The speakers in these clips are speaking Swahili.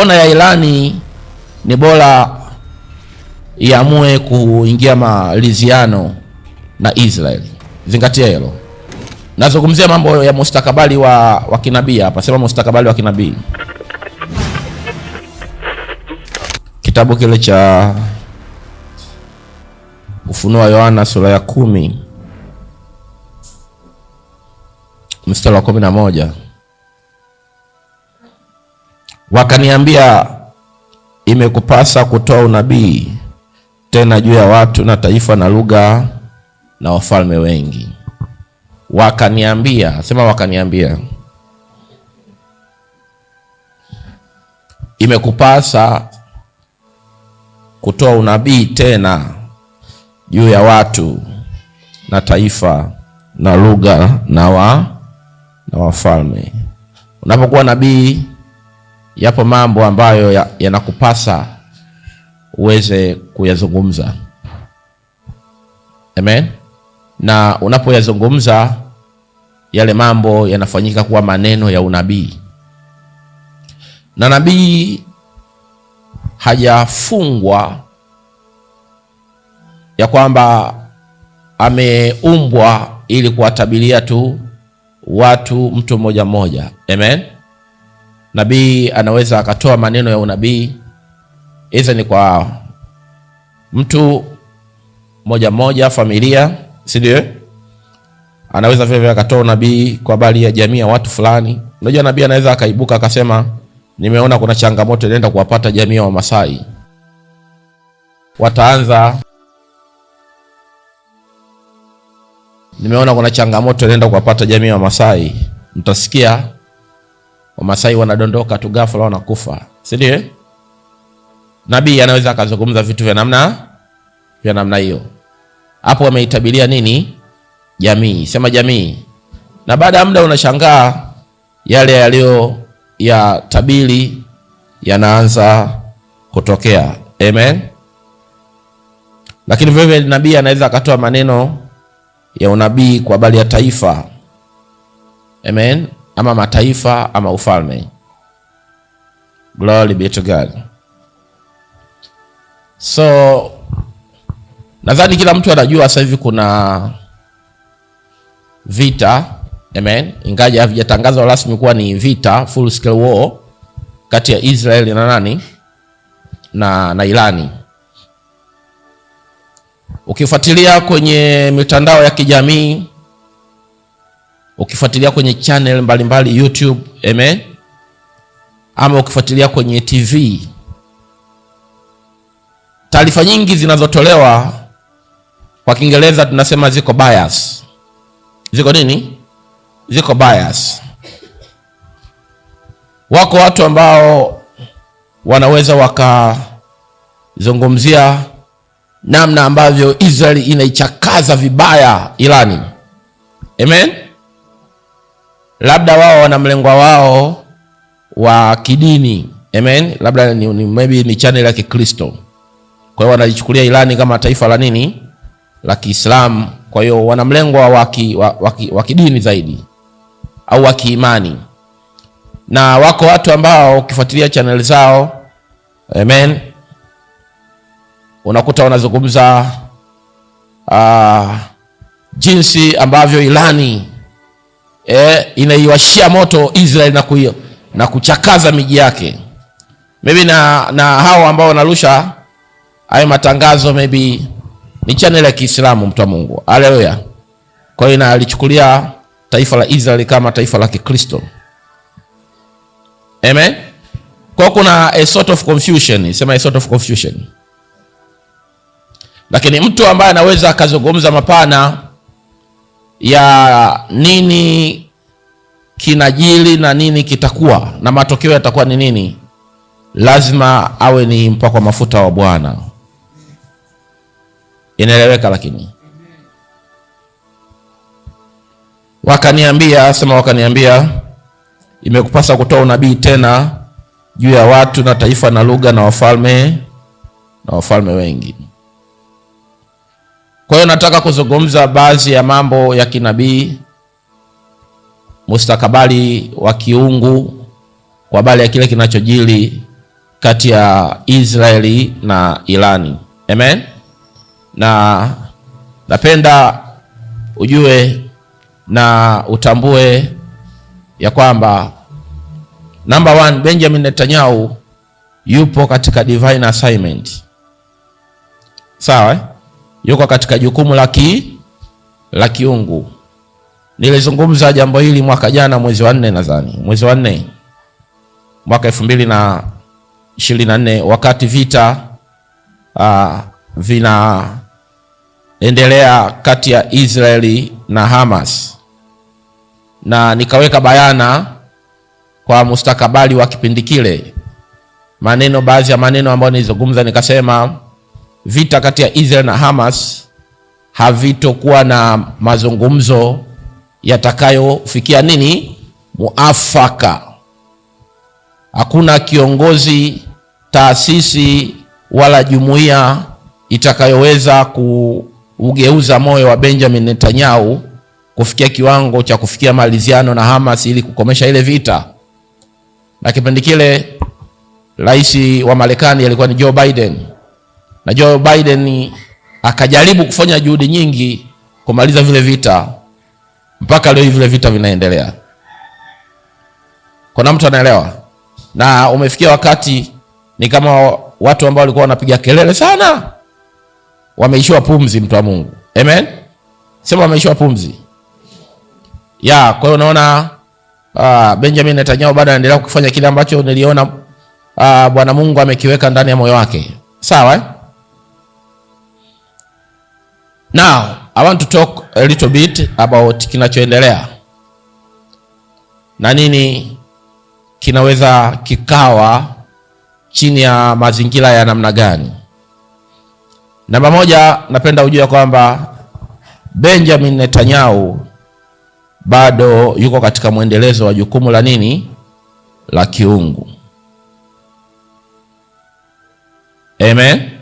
mbona ya Irani ni bora iamue kuingia maliziano na Israel. Zingatia hilo. Nazungumzia mambo ya mustakabali wa, wa kinabii hapa. Sema mustakabali wa kinabii, kitabu kile cha Ufunuo wa Yohana sura ya kumi mstari wa kumi na moja. Wakaniambia, imekupasa kutoa unabii tena juu ya watu na taifa na lugha na wafalme wengi. Wakaniambia, sema wakaniambia, imekupasa kutoa unabii tena juu ya watu na taifa na lugha na wa na wafalme. Unapokuwa nabii yapo mambo ambayo yanakupasa ya uweze kuyazungumza. Amen. Na unapoyazungumza yale mambo yanafanyika kuwa maneno ya unabii, na nabii hajafungwa ya kwamba ameumbwa ili kuwatabilia tu watu mtu mmoja mmoja. Amen. Nabii anaweza akatoa maneno ya unabii, iza ni kwa mtu moja moja, familia, si ndio? Eh? Anaweza vile vile akatoa unabii kwa habari ya jamii ya watu fulani. Unajua, nabii anaweza akaibuka akasema, nimeona kuna changamoto inaenda kuwapata jamii ya Wamasai, wataanza nimeona kuna changamoto inaenda kuwapata jamii ya Wamasai, mtasikia Wamasai wanadondoka tu ghafla wanakufa, si ndio? Eh? Nabii anaweza akazungumza vitu vya namna vya namna hiyo. Hapo wameitabilia nini? Jamii, sema jamii. Na baada ya muda unashangaa yale yaliyo ya tabiri yanaanza kutokea. Amen. Lakini vile nabii anaweza akatoa maneno ya unabii kwa habari ya taifa. Amen ama mataifa ama ufalme. Glory be to God. So nadhani kila mtu anajua sasa hivi kuna vita amen, ingaje havijatangazwa rasmi kuwa ni vita full scale war kati ya Israel na nani na, na Irani. Ukifuatilia kwenye mitandao ya kijamii ukifuatilia kwenye channel mbalimbali YouTube, amen, ama ukifuatilia kwenye TV, taarifa nyingi zinazotolewa kwa Kiingereza tunasema ziko bias. Ziko nini? Ziko bias. Wako watu ambao wanaweza wakazungumzia namna ambavyo Israeli inaichakaza vibaya Irani, amen labda wao wana mlengwa wao wa kidini amen, labda ni, ni, maybe ni channel ya Kikristo. Kwa hiyo wanajichukulia Irani kama taifa la nini la Kiislamu. Kwa hiyo wana mlengwa wa kidini zaidi au wa kiimani, na wako watu ambao ukifuatilia channel zao amen, unakuta wanazungumza uh, jinsi ambavyo Irani eh, inaiwashia moto Israeli na, na kuchakaza miji yake. Maybe na, na hao ambao wanarusha hayo matangazo maybe ni channel ya Kiislamu, mtu wa Mungu, haleluya. Kwa hiyo inalichukulia taifa la Israeli kama taifa la Kikristo, amen. Kwa kuna a sort of confusion, sema a sort of confusion, lakini mtu ambaye anaweza akazungumza mapana ya nini kinajili na nini kitakuwa na matokeo yatakuwa ni nini, lazima awe ni mpakwa mafuta wa Bwana. Inaeleweka? Lakini wakaniambia, sema wakaniambia, imekupasa kutoa unabii tena juu ya watu na taifa na lugha na wafalme na wafalme wengi kwa hiyo nataka kuzungumza baadhi ya mambo ya kinabii, mustakabali wa kiungu kwa habari ya kile kinachojiri kati ya Israeli na Irani. Amen. Na napenda ujue na utambue ya kwamba number one, Benjamin Netanyahu yupo katika divine assignment. Sawa eh? yuko katika jukumu la kiungu. Nilizungumza jambo hili mwaka jana mwezi wa nne, nadhani mwezi wa nne mwaka elfu mbili na ishirini na nne wakati vita uh, ah, vinaendelea kati ya Israeli na Hamas, na nikaweka bayana kwa mustakabali wa kipindi kile maneno, baadhi ya maneno ambayo nilizungumza nikasema vita kati ya Israel na Hamas havitokuwa na mazungumzo yatakayofikia nini muafaka. Hakuna kiongozi, taasisi wala jumuiya itakayoweza kuugeuza moyo wa Benjamin Netanyahu kufikia kiwango cha kufikia maliziano na Hamas ili kukomesha ile vita. Na kipindi kile rais wa Marekani alikuwa ni Joe Biden. Najua Joe Biden akajaribu kufanya juhudi nyingi kumaliza vile vita, mpaka leo vile vita vinaendelea. Kuna mtu anaelewa? Na umefikia wakati ni kama watu ambao walikuwa wanapiga kelele sana wameishiwa pumzi, mtu wa Mungu. Amen, sema wameishiwa pumzi ya. Kwa hiyo unaona uh, Benjamin Netanyahu bado anaendelea kufanya kile ambacho niliona uh, Bwana Mungu amekiweka ndani ya moyo wake, sawa eh? Now, I want to talk a little bit about kinachoendelea na nini kinaweza kikawa chini ya mazingira ya namna gani. Namba moja, napenda ujue kwamba Benjamin Netanyahu bado yuko katika mwendelezo wa jukumu la nini la kiungu. Amen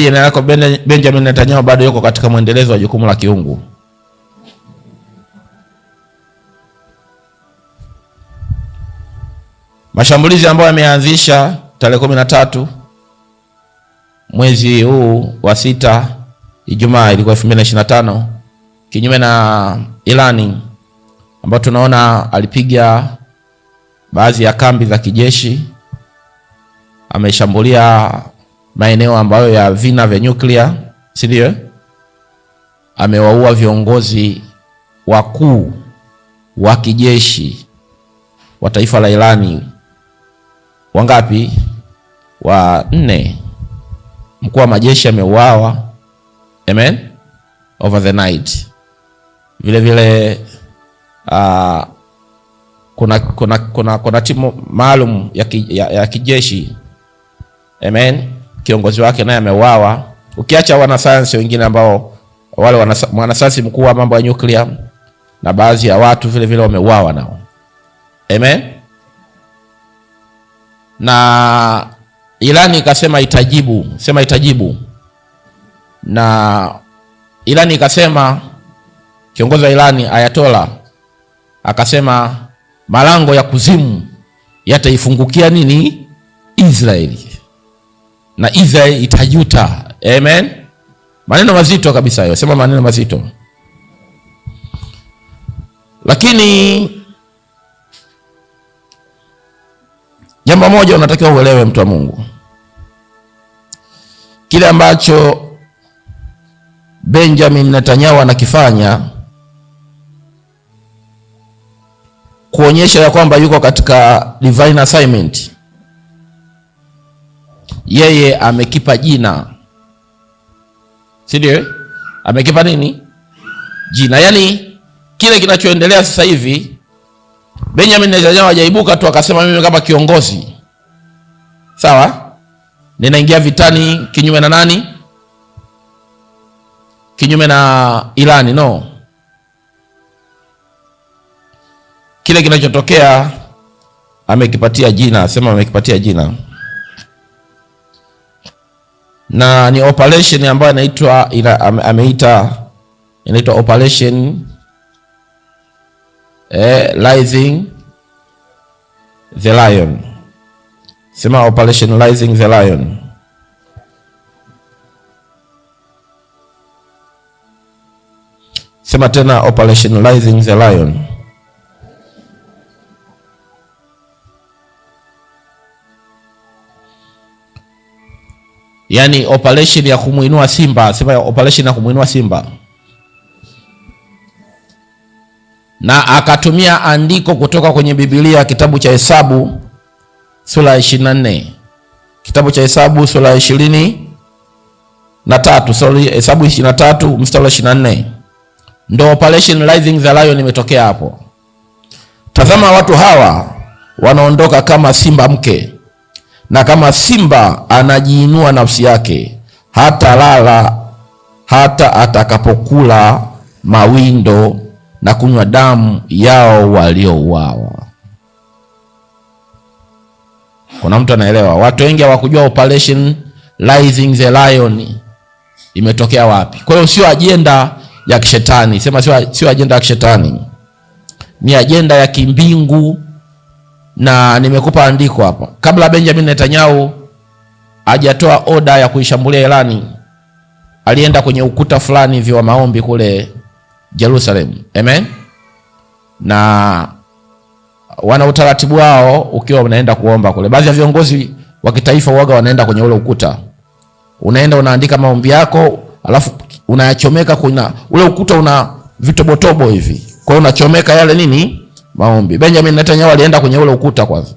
jina lako Benjamin Netanyahu bado yuko katika mwendelezo wa jukumu la kiungu. Mashambulizi ambayo yameanzisha tarehe kumi na tatu mwezi huu wa sita, Ijumaa ilikuwa 2025 kinyume na Irani ambayo tunaona alipiga baadhi ya kambi za kijeshi, ameshambulia maeneo ambayo ya vina vya nyuklia, si ndio? Amewaua viongozi wakuu wa kijeshi wa taifa la Irani wangapi? Wa nne. Mkuu wa majeshi ameuawa, amen, over the night. Vile vile uh, kuna, kuna, kuna, kuna timu maalum ya, ki, ya, ya kijeshi amen kiongozi wake naye ameuawa, ukiacha wanasayansi wengine ambao wale mwanasayansi mkuu wa mambo ya nyuklia na baadhi ya watu vile vile wameuawa nao. Amen. Na Irani ikasema itajibu, sema itajibu. Na Irani ikasema, kiongozi wa Irani Ayatola akasema malango ya kuzimu yataifungukia nini Israeli na Israel itajuta. Amen. Maneno mazito kabisa hayo, sema maneno mazito. Lakini jambo moja unatakiwa uelewe, mtu wa Mungu, kile ambacho Benjamin Netanyahu anakifanya kuonyesha ya kwamba yuko katika divine assignment yeye amekipa jina, si ndio? Eh? Amekipa nini? Jina. Yaani kile kinachoendelea sasa hivi, Benjamin Netanyahu hajaibuka tu akasema mimi kama kiongozi sawa, ninaingia vitani kinyume na nani? Kinyume na Irani. No, kile kinachotokea amekipatia jina, sema amekipatia jina na ni operation ambayo inaitwa ameita inaitwa operation eh, rising the lion. Sema operation rising the lion. Sema tena operation rising the lion. yani operation ya kumuinua Simba, sema operation ya kumuinua Simba, na akatumia andiko kutoka kwenye Biblia, kitabu cha Hesabu sura ya 24, kitabu cha Hesabu sura ya 20 na tatu, sorry, Hesabu 23 mstari wa 24, ndio operation rising the lion imetokea hapo. Tazama watu hawa wanaondoka kama simba mke na kama simba anajiinua nafsi yake, hata lala hata atakapokula mawindo na kunywa damu yao waliouawa. Kuna mtu anaelewa? Watu wengi hawakujua operation Rising the Lion imetokea wapi. Kwa hiyo sio ajenda ya kishetani, sema sio ajenda ya kishetani, ni ajenda ya kimbingu na nimekupa andiko hapa, kabla Benjamin Netanyahu hajatoa oda ya kuishambulia Irani, alienda kwenye ukuta fulani hivi wa maombi kule Jerusalem. Amen. Na wana utaratibu wao, ukiwa unaenda kuomba kule, baadhi ya viongozi wa kitaifa uoga wanaenda kwenye ule ukuta, unaenda unaandika maombi yako, alafu unayachomeka kuna ule ukuta una vitobotobo hivi, kwa hiyo unachomeka yale nini maombi. Benjamin Netanyahu alienda kwenye ule ukuta kwanza,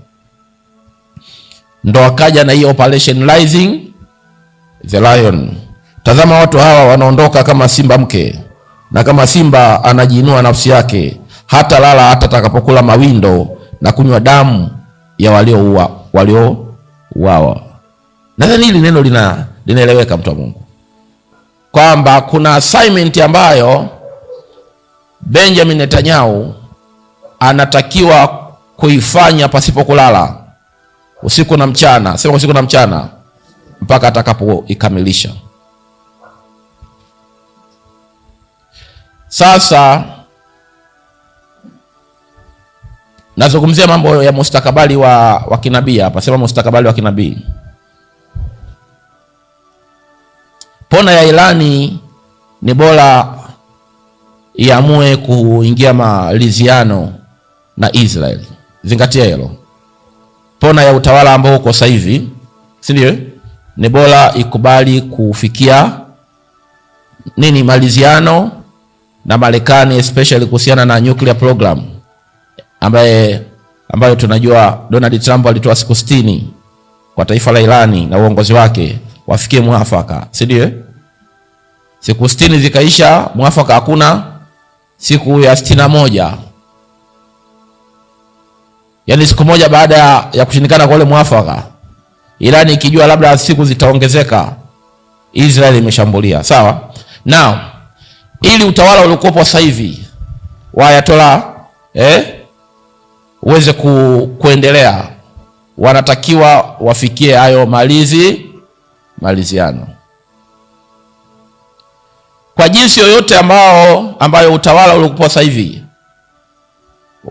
ndo akaja na hiyo operation rising the lion. Tazama watu hawa wanaondoka kama simba mke, na kama simba anajiinua nafsi yake, hata lala hata atakapokula mawindo na kunywa damu ya waliouawa walio uawa. Nadhani hili neno lina linaeleweka, mtu wa Mungu, kwamba kuna assignment ambayo Benjamin Netanyahu anatakiwa kuifanya pasipo kulala usiku na mchana. Sema usiku na mchana, mpaka atakapoikamilisha. Sasa nazungumzia mambo ya mustakabali wa, wa kinabii hapa. Sema mustakabali wa kinabii. Pona ya ilani ni bora iamue kuingia maliziano na Israel. Zingatia hilo. Pona ya utawala ambao uko sasa hivi, si ndio? Ni bora ikubali kufikia nini maliziano na Marekani especially kuhusiana na nuclear program ambaye ambayo tunajua Donald Trump alitoa siku 60 kwa taifa la Irani na uongozi wake wafikie mwafaka, si ndio? Siku 60 zikaisha, mwafaka hakuna. Siku ya sitini Yaani siku moja baada ya kushindikana kwa ule mwafaka, Irani ikijua labda siku zitaongezeka, Israeli imeshambulia. Sawa? Now, ili utawala uliokuwepo sasa hivi wa Ayatollah eh, uweze ku, kuendelea wanatakiwa wafikie hayo malizi maliziano kwa jinsi yoyote ambao ambayo utawala uliokuwa sasa hivi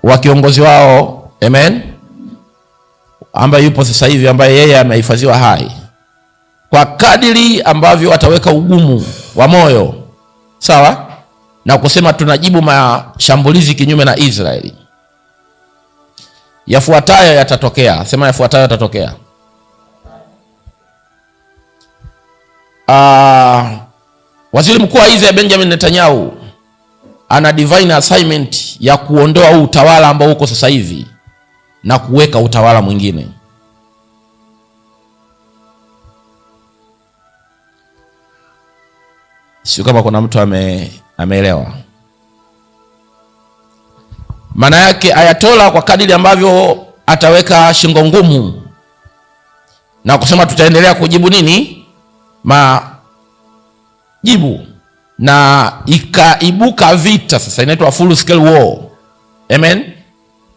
wa kiongozi wao Amen, ambaye yupo sasa hivi, ambaye yeye amehifadhiwa hai. Kwa kadiri ambavyo ataweka ugumu wa moyo, sawa na kusema tunajibu mashambulizi kinyume na Israeli, yafuatayo yatatokea. Sema yafuatayo yatatokea. Uh, waziri mkuu wa Israel Benjamin Netanyahu ana divine assignment ya kuondoa huu utawala ambao uko sasa hivi na kuweka utawala mwingine. Sio kama kuna mtu ame, ameelewa maana yake. Ayatola kwa kadiri ambavyo ataweka shingo ngumu na kusema tutaendelea kujibu nini majibu, na ikaibuka vita sasa, inaitwa full scale war. Amen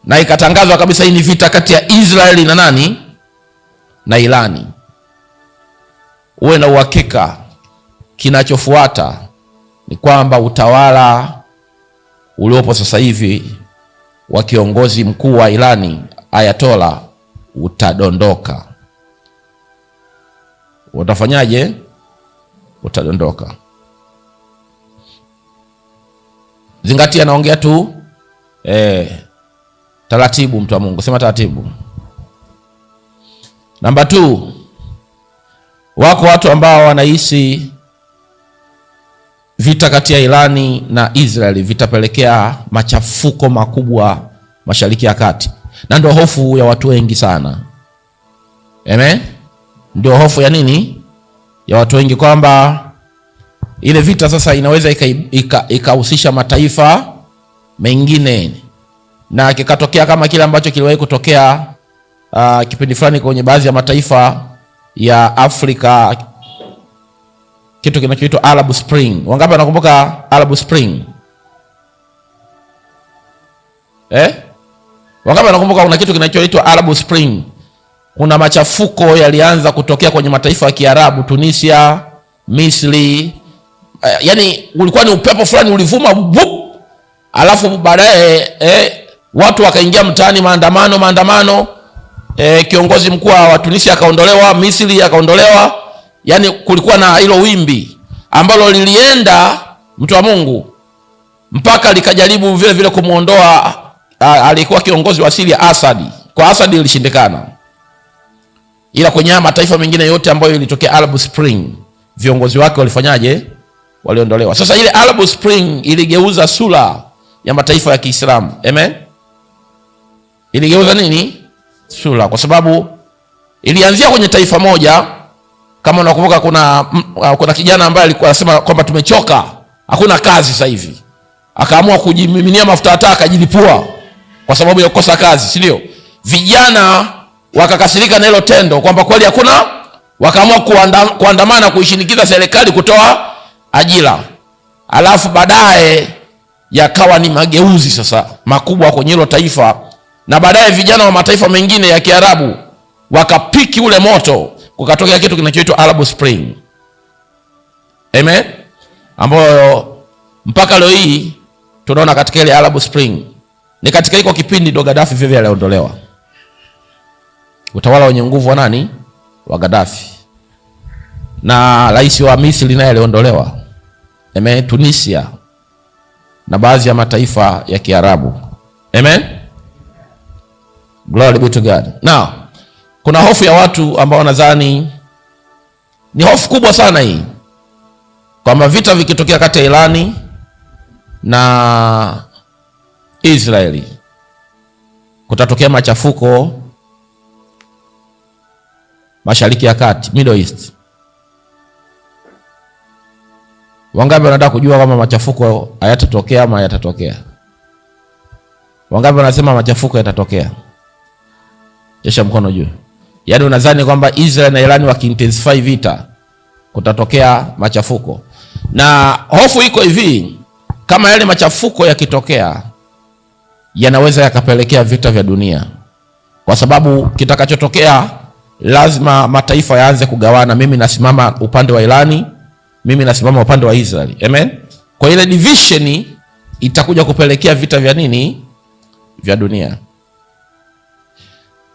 na ikatangazwa kabisa hii ni vita kati ya Israeli na nani na Irani. Uwe na uhakika kinachofuata ni kwamba utawala uliopo sasa hivi wa kiongozi mkuu wa Irani Ayatola utadondoka. Utafanyaje? Utadondoka. Zingatia, naongea tu eh. Taratibu, mtu wa Mungu, sema taratibu. Namba tu wako watu ambao wanahisi vita kati ya Irani na Israeli vitapelekea machafuko makubwa Mashariki ya Kati, na ndio hofu ya watu wengi sana. Amen, ndio hofu ya nini ya watu wengi kwamba ile vita sasa inaweza ikahusisha ika, ika mataifa mengine na kikatokea kama kile ambacho kiliwahi kutokea uh, kipindi fulani kwenye baadhi ya mataifa ya Afrika, kitu kinachoitwa Arab Spring. Wangapi wanakumbuka Arab Spring eh? Wangapi wanakumbuka kuna kitu kinachoitwa Arab Spring? Kuna machafuko yalianza kutokea kwenye mataifa ya Kiarabu, Tunisia, Misri, Yaani yani ulikuwa ni upepo fulani ulivuma, bup, alafu baadaye eh, watu wakaingia mtaani, maandamano maandamano. E, kiongozi mkuu wa Tunisia akaondolewa, Misri akaondolewa, yani kulikuwa na hilo wimbi ambalo lilienda mtu wa Mungu mpaka likajaribu vile vile kumuondoa alikuwa kiongozi wa Syria Assad. Kwa Assad ilishindikana, ila kwenye mataifa mengine yote ambayo ilitokea Arab Spring viongozi wake walifanyaje? Waliondolewa. Sasa ile Arab Spring iligeuza sura ya mataifa ya Kiislamu. Amen iligeuza nini sura, kwa sababu ilianzia kwenye taifa moja. Kama unakumbuka, kuna uh, kuna kijana ambaye alikuwa anasema kwamba tumechoka, hakuna kazi sasa hivi, akaamua kujimiminia mafuta hata akajilipua kwa sababu ya kukosa kazi, si ndio? Vijana wakakasirika na hilo tendo kwamba kweli hakuna, wakaamua kuandamana kuishinikiza serikali kutoa ajira, alafu baadaye yakawa ni mageuzi sasa makubwa kwenye hilo taifa na baadaye vijana wa mataifa mengine ya Kiarabu wakapiki ule moto, kukatokea kitu kinachoitwa Arab Spring. Amen, ambayo mpaka leo hii tunaona katika ile Arab Spring ni katika iko kipindi ndo Gaddafi vivyo aliondolewa utawala wenye nguvu wa nani wa Gaddafi, na rais wa Misri naye aliondolewa. Amen, Tunisia na baadhi ya mataifa ya Kiarabu. Amen. Glory be to God. Now, kuna hofu ya watu ambao wanadhani ni hofu kubwa sana hii kwamba vita vikitokea kati ya Irani na Israeli kutatokea machafuko Mashariki ya Kati, Middle East. Wangapi wanataka kujua kama machafuko hayatatokea ama yatatokea? Wangapi wanasema machafuko yatatokea? Nyosha mkono juu. Yaani unadhani kwamba Israel na Iran wakiintensify vita kutatokea machafuko, na hofu iko hivi, kama yale machafuko yakitokea yanaweza yakapelekea vita vya dunia, kwa sababu kitakachotokea lazima mataifa yaanze kugawana. Mimi nasimama upande wa Irani, mimi nasimama upande wa Israel. Amen. Kwa ile division itakuja kupelekea vita vya nini? Vya dunia.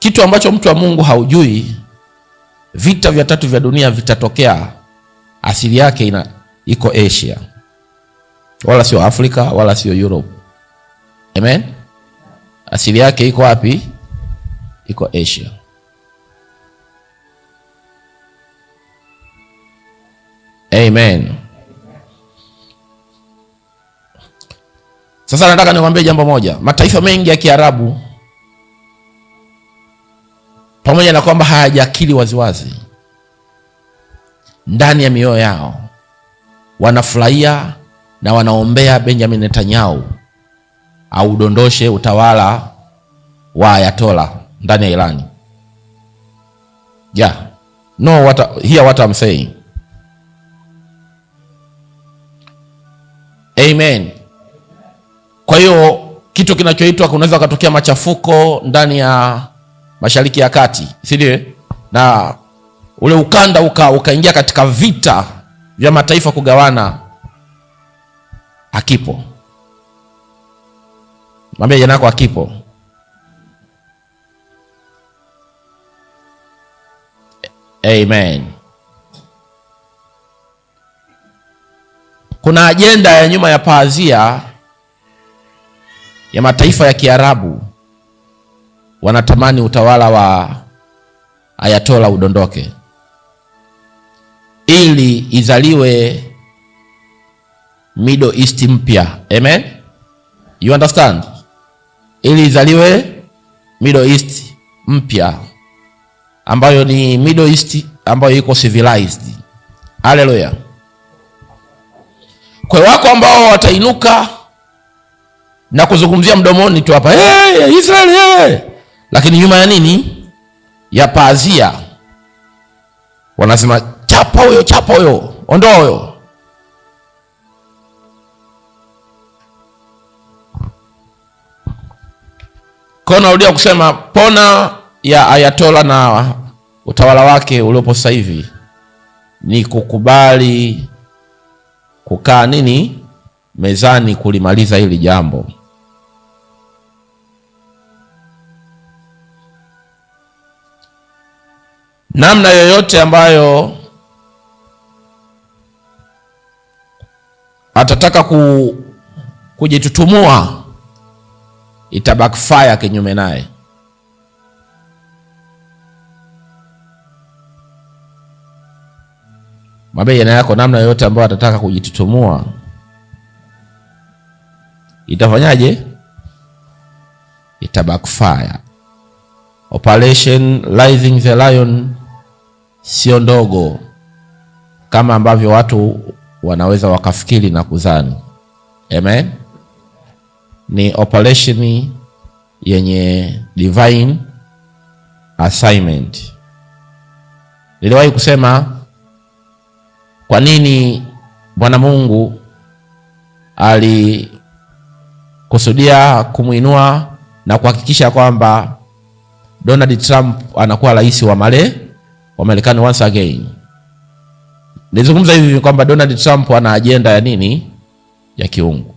Kitu ambacho mtu wa Mungu haujui, vita vya tatu vya dunia vitatokea, asili yake ina iko Asia, wala sio Afrika wala sio Europe. Amen, asili yake iko wapi? Iko Asia. Amen. Sasa nataka niwaambie jambo moja, mataifa mengi ya Kiarabu pamoja na kwamba hayajakili waziwazi ndani ya mioyo yao, wanafurahia na wanaombea Benjamin Netanyahu audondoshe utawala wa Ayatola ndani ya Irani. Yeah. No, what, hear what I'm saying. Amen. Kwa hiyo kitu kinachoitwa kunaweza kutokea machafuko ndani ya mashariki ya kati, si Na ule ukanda ukaingia uka katika vita vya mataifa kugawana, akipo Mwambie jirani yako Amen. Kuna ajenda ya nyuma ya paazia ya mataifa ya Kiarabu wanatamani utawala wa Ayatola udondoke ili izaliwe Middle East mpya. Amen, you understand? Ili izaliwe Middle East mpya ambayo ni Middle East ambayo iko civilized. Haleluya! Kwa wako ambao watainuka na kuzungumzia mdomoni tu hapa, hey, Israel, hey! Lakini nyuma ya nini? Ya pazia wanasema chapa huyo, chapa huyo, ondoa huyo. Kwa narudia kusema pona ya Ayatola na utawala wake uliopo sasa hivi ni kukubali kukaa nini mezani kulimaliza hili jambo. namna yoyote ambayo atataka ku, kujitutumua backfire kinyume naye. Mwambie jina yako, namna yoyote ambayo atataka kujitutumua itafanyaje? backfire. Operation Rising the Lion sio ndogo kama ambavyo watu wanaweza wakafikiri na kudhani. Amen. Ni operation yenye divine assignment. Niliwahi kusema kwa nini Bwana Mungu alikusudia kumwinua na kuhakikisha kwamba Donald Trump anakuwa rais wa Marekani wa Marekani once again. Nilizungumza hivi kwamba Donald Trump ana ajenda ya nini? Ya kiungu.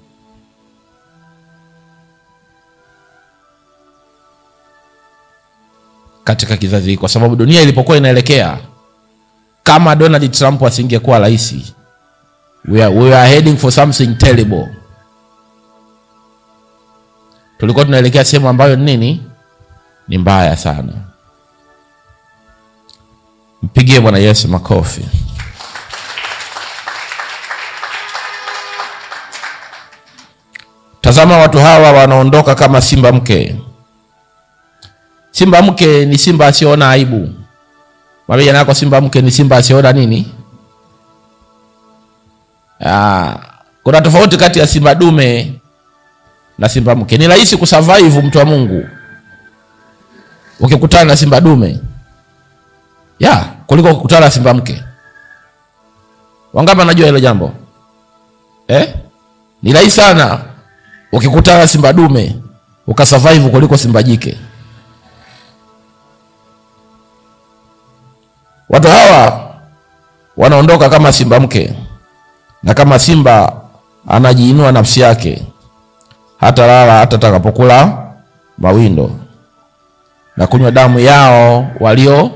Katika kizazi kwa sababu dunia ilipokuwa inaelekea, kama Donald Trump asingekuwa rais, we are, we are heading for something terrible. Tulikuwa tunaelekea sehemu ambayo nini ni mbaya sana. Mpigie Bwana Yesu makofi. Tazama, watu hawa wanaondoka kama simba mke. Simba mke ni simba asiona aibu. Mwambie nako simba mke ni simba asiona nini? Ah, kuna tofauti kati ya simba dume na simba mke. Ni rahisi kusurvive mtu wa Mungu ukikutana na simba dume ya kuliko kukutana simba mke. Wangapi anajua hilo jambo eh? Ni rahisi sana ukikutana simba dume ukasurvive kuliko simba jike. Watu hawa wanaondoka kama simba mke, na kama simba anajiinua nafsi yake, hata lala hata takapokula mawindo na kunywa damu yao walio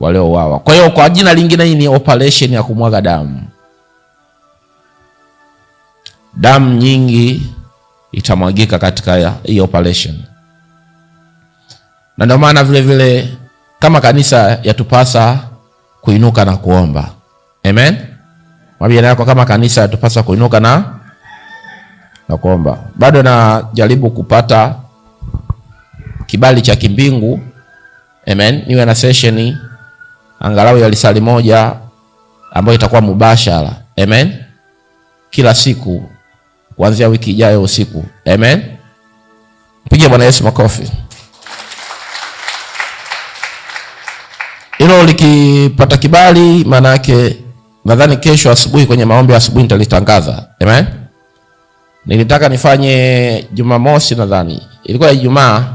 waliouawa. Kwa hiyo kwa jina lingine, hii ni operation ya kumwaga damu. Damu nyingi itamwagika katika hii operation, na ndio maana vile vile kama kanisa yatupasa kuinuka na kuomba. Amen, mabijana yako, kama kanisa yatupasa kuinuka na na kuomba. Bado najaribu kupata kibali cha kimbingu. Amen, niwe na sesheni angalau ya lisali moja ambayo itakuwa mubashara. Amen, kila siku kuanzia wiki ijayo usiku. Amen, Mpige Bwana Yesu makofi. Hilo likipata kibali, maana yake nadhani kesho asubuhi kwenye maombi ya asubuhi nitalitangaza. Amen. Nilitaka nifanye Jumamosi, nadhani ilikuwa Ijumaa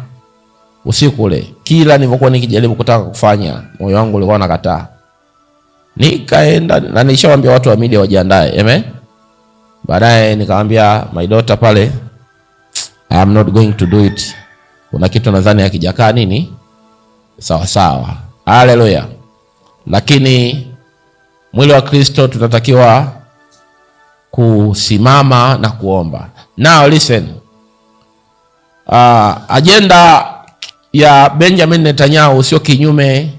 usiku ule, kila nilivyokuwa nikijaribu kutaka kufanya, moyo wangu ulikuwa unakataa. Nikaenda na nishawaambia watu wa media wajiandae, amen. Baadaye nikamwambia my daughter pale, I am not going to do it. Kuna kitu nadhani hakijakaa nini sawa sawa. Haleluya! Lakini mwili wa Kristo tunatakiwa kusimama na kuomba. Now listen. Uh, ah, ajenda ya Benjamin Netanyahu sio kinyume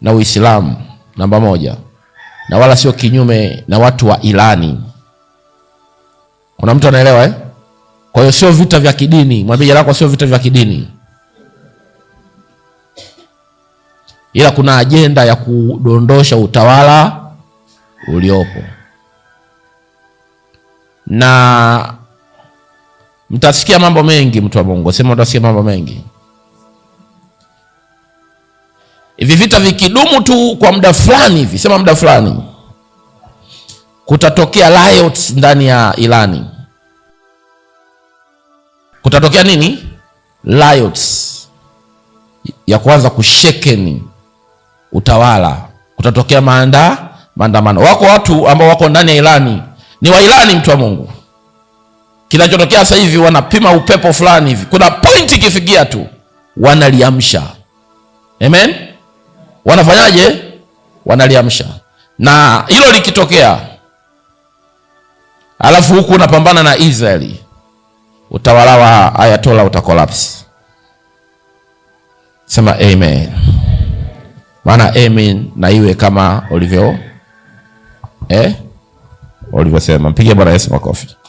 na Uislamu namba moja, na wala sio kinyume na watu wa Irani. Kuna mtu anaelewa eh? Kwa hiyo sio vita vya kidini, mwambie jirani, sio vita vya kidini, ila kuna ajenda ya kudondosha utawala uliopo, na mtasikia mambo mengi. Mtu wa Mungu, sema utasikia mambo mengi Hivi vita vikidumu tu kwa muda fulani hivi, sema muda fulani, kutatokea riots ndani ya Irani, kutatokea nini? Riots ya kuanza kushekeni utawala, kutatokea maanda maandamano. Wako watu ambao wako ndani ya Irani, ni wa Irani, mtu wa Mungu. Kinachotokea sasa hivi wanapima upepo fulani hivi, kuna pointi ikifikia tu wanaliamsha. Amen wanafanyaje? Wanaliamsha. Na hilo likitokea, alafu huku unapambana na Israeli, utawala wa Ayatola utakolapsi. Sema amen, maana amen na iwe kama ulivyo eh, ulivyosema. mpige Bwana Yesu makofi.